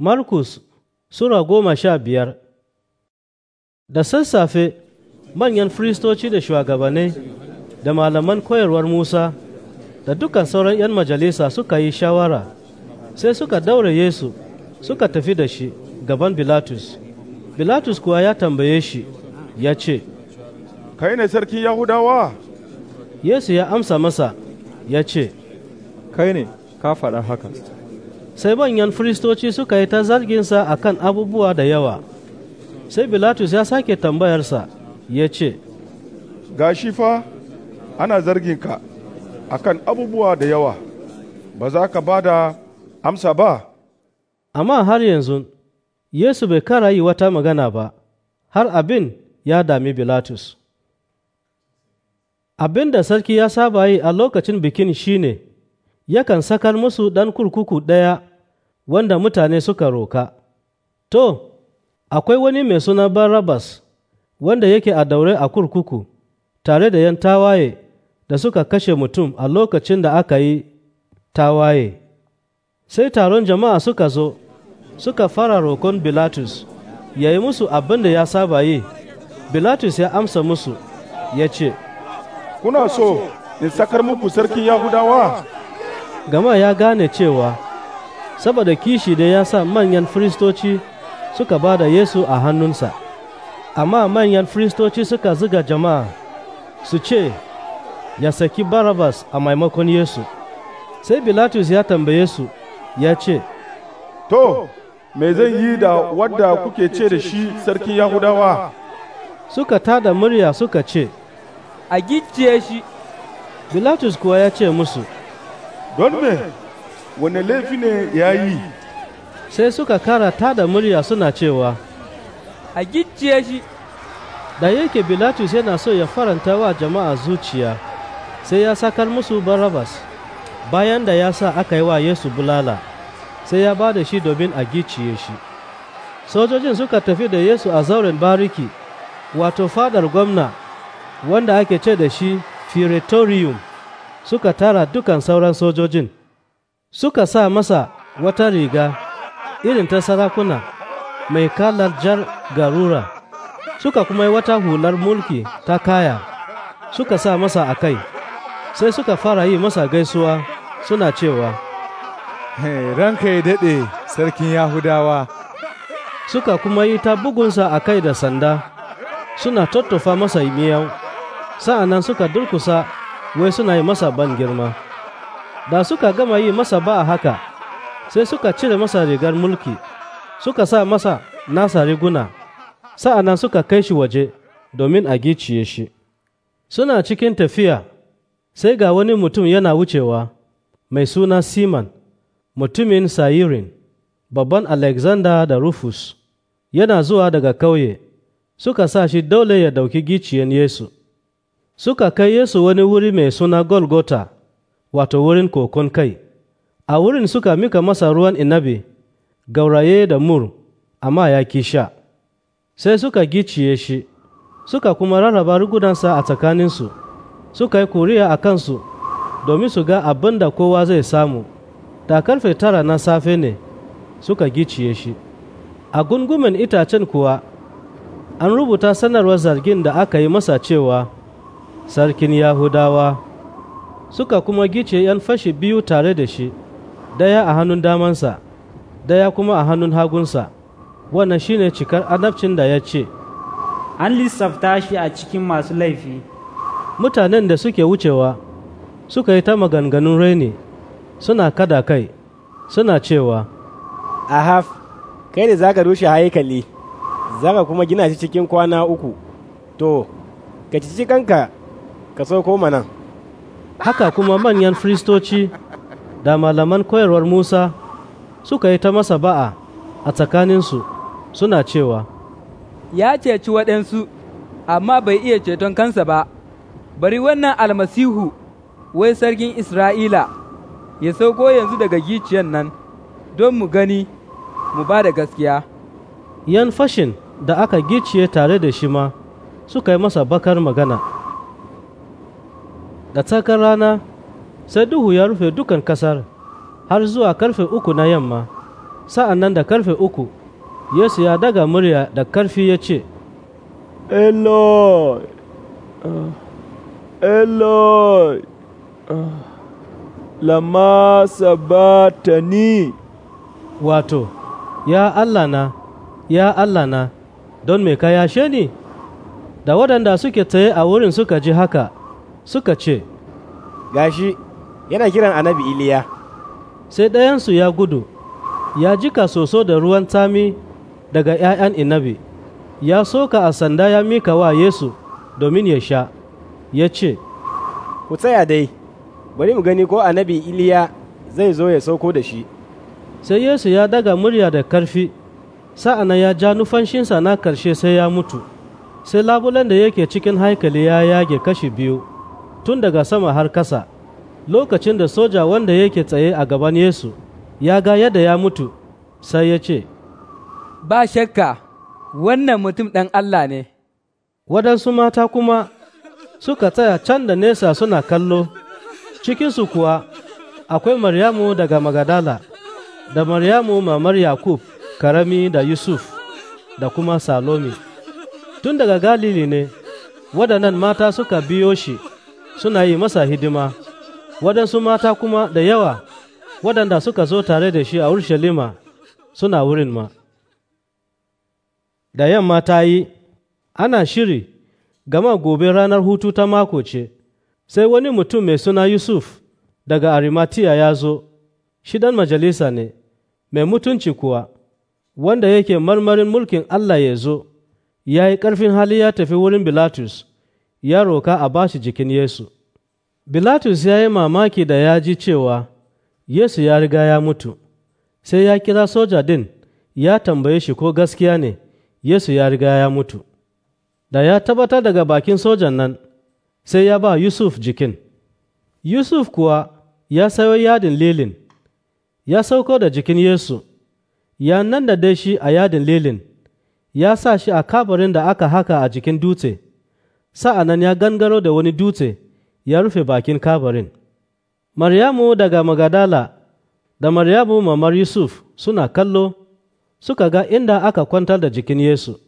Markus Sura goma sha biyar Da sassafe manyan firistoci da shugabanni da malaman koyarwar Musa da dukan sauran 'yan majalisa suka yi shawara sai suka daure Yesu suka tafi da shi gaban Bilatus. Bilatus kuwa ya tambaye shi ya ce, Kai ne sarkin Yahudawa? Yesu ya amsa masa ya ce, Kai ne, ka faɗa haka. sai manyan firistoci suka yi ta zarginsa a kan abubuwa da yawa sai bilatus ya sake tambayarsa ya ce ga shi fa ana zarginka a kan abubuwa da yawa ba za ka ba da amsa ba amma har yanzu yesu bai kara yi wata magana ba har abin ya dami bilatus abin da sarki ya saba yi a lokacin bikin shine yakan sakar musu ɗan kurkuku ɗaya wanda mutane suka roka. To, akwai wani mai suna Barabbas wanda yake a daure a kurkuku tare da ‘yan tawaye da suka kashe mutum a lokacin da aka yi tawaye. Sai taron jama'a suka zo, suka fara rokon Bilatus, ya yi musu abin da ya saba yi. Bilatus ya amsa musu, ya ce, Kuna so, in sakar muku sarkin Yahudawa? Gama ya gane cewa saboda kishi da ya sa manyan firistoci suka ba da Yesu a hannunsa, amma manyan firistoci suka zuga jama'a su ce, Ya saki Barabas a maimakon Yesu, sai Bilatus ya tambaye su ya ce, To, me zan yi da wadda kuke ce da shi sarkin Yahudawa? Suka tada murya suka ce, A gicciye shi. Bilatus kuwa ya ce musu, Don me? wani laifi ne ya yi sai suka karata da murya suna cewa a gicciye shi da yake bilatus yana so ya faranta wa jama'a zuciya sai ya sakar musu barabas bayan da ya sa aka yi wa yesu bulala sai ya ba da shi domin a gicciye shi sojojin suka tafi da yesu a zauren bariki wato fadar gwamna wanda ake ce da shi firetorium suka tara dukan sauran sojojin suka sa masa wata riga irin ta sarakuna mai kalar jar garura suka kuma yi wata hular mulki ta kaya suka sa masa a kai sai suka fara yi masa gaisuwa suna cewa ranka ya daɗe sarkin yahudawa suka kuma yi ta bugunsa a kai da sanda suna tattufa masa miyau sa'an nan suka durkusa wai suna yi masa ban girma da suka gama yi masa ba haka sai suka cire masa rigar mulki suka sa masa nasa riguna sa'anan suka kai shi waje domin a giciye shi suna cikin tafiya sai ga wani mutum yana wucewa mai suna siman mutumin sayirin babban alexander da rufus yana zuwa daga kauye suka sa shi dole ya dauki giciyen yesu suka kai yesu wani wuri mai suna golgota wato wurin kokon kai a wurin suka mika masa ruwan inabi gauraye da mur amma ya ki sha sai suka giciye shi suka kuma rarraba rugudansa a tsakaninsu suka yi kuriya a kansu domin su ga abin da kowa zai samu da karfe tara na safe ne suka giciye shi a gungumen itacen kuwa an rubuta sanarwar zargin da aka yi masa cewa sarkin yahudawa suka kuma gice ‘yan fashi biyu tare da shi, daya a hannun damansa, daya kuma a hannun hagunsa, wannan shine cikar annabcin da ya ce, An lissafta shi a cikin masu laifi. Mutanen da suke wucewa suka yi ta maganganun raini suna kada kai, suna cewa, Ahaf, kai da za ka rushe haikali, za ka kuma gina shi cikin kwana uku, to, ka ci kanka, ka sauko mana. nan. haka kuma manyan firistoci da malaman koyarwar Musa suka yi ta masa ba'a a tsakaninsu suna cewa, Ya ceci waɗansu, amma bai iya ceton kansa ba, bari wannan almasihu wai sarkin Isra'ila ya sauko yanzu daga giciyan nan don mu gani mu ba da gaskiya. Yan fashin da aka giciye tare da shi ma suka yi masa bakar magana. da tsakar rana sai duhu ya rufe dukan kasar har zuwa karfe uku na yamma sa'an nan da karfe uku yesu ya daga murya da karfi ya ce eloi eloi lama sabatani wato ya allah na ya allah na don me ka yashe ni da waɗanda suke tsaye a wurin suka ji haka suka ce, Gashi, yana kiran annabi Iliya. Sai ɗayansu ya gudu, ya jika soso da ruwan tami daga ‘ya'yan inabi, ya soka a sanda ya mika wa Yesu domin ya sha, ya ce, Ku tsaya dai, bari mu gani ko annabi Iliya zai zo ya sauko da shi. Sai Yesu ya daga murya da karfi, sa'ana ya ja nufanshinsa na karshe sai ya mutu, sai labulen da yake cikin haikali ya yage kashi biyu. tun daga sama har kasa lokacin da soja wanda yake tsaye a gaban Yesu ya ga yadda ya mutu sai ya ce, Ba shakka wannan mutum ɗan Allah ne. Waɗansu mata kuma suka tsaya can da nesa suna kallo, cikinsu kuwa akwai Maryamu daga Magadala, da Maryamu mamar Yakub, Karami da Yusuf, da kuma Salome. Tun daga Galili ne, waɗannan mata suka biyo shi suna yi masa hidima, waɗansu mata kuma da yawa waɗanda suka zo tare da shi a Urshalima suna wurin ma. Da yamma ta yi, ana shiri, gama gobe ranar hutu ta mako ce, sai wani mutum mai suna Yusuf daga Arimatiya ya zo, shi dan majalisa ne, mai mutunci kuwa, wanda yake marmarin mulkin Allah ya zo, ya yi ƙarfin hali ya tafi wurin Bilatus. ya roka a bashi jikin Yesu. Bilatus ya yi mamaki da ya ji cewa Yesu ya riga ya mutu, sai ya kira soja din ya tambaye shi ko gaskiya ne Yesu ya riga ya mutu. Da ya tabbatar daga bakin sojan nan, sai ya ba Yusuf jikin. Yusuf kuwa ya sayo yadin lilin, ya sauko da jikin Yesu, ya nan da dai shi a yadin lilin, ya sa shi a kabarin da aka haka a jikin dutse. sa'a nan ya gangaro da wani dutse ya rufe bakin kabarin. Maryamu daga Magadala da Maryamu mamar Yusuf suna kallo suka ga inda aka kwantar da jikin Yesu.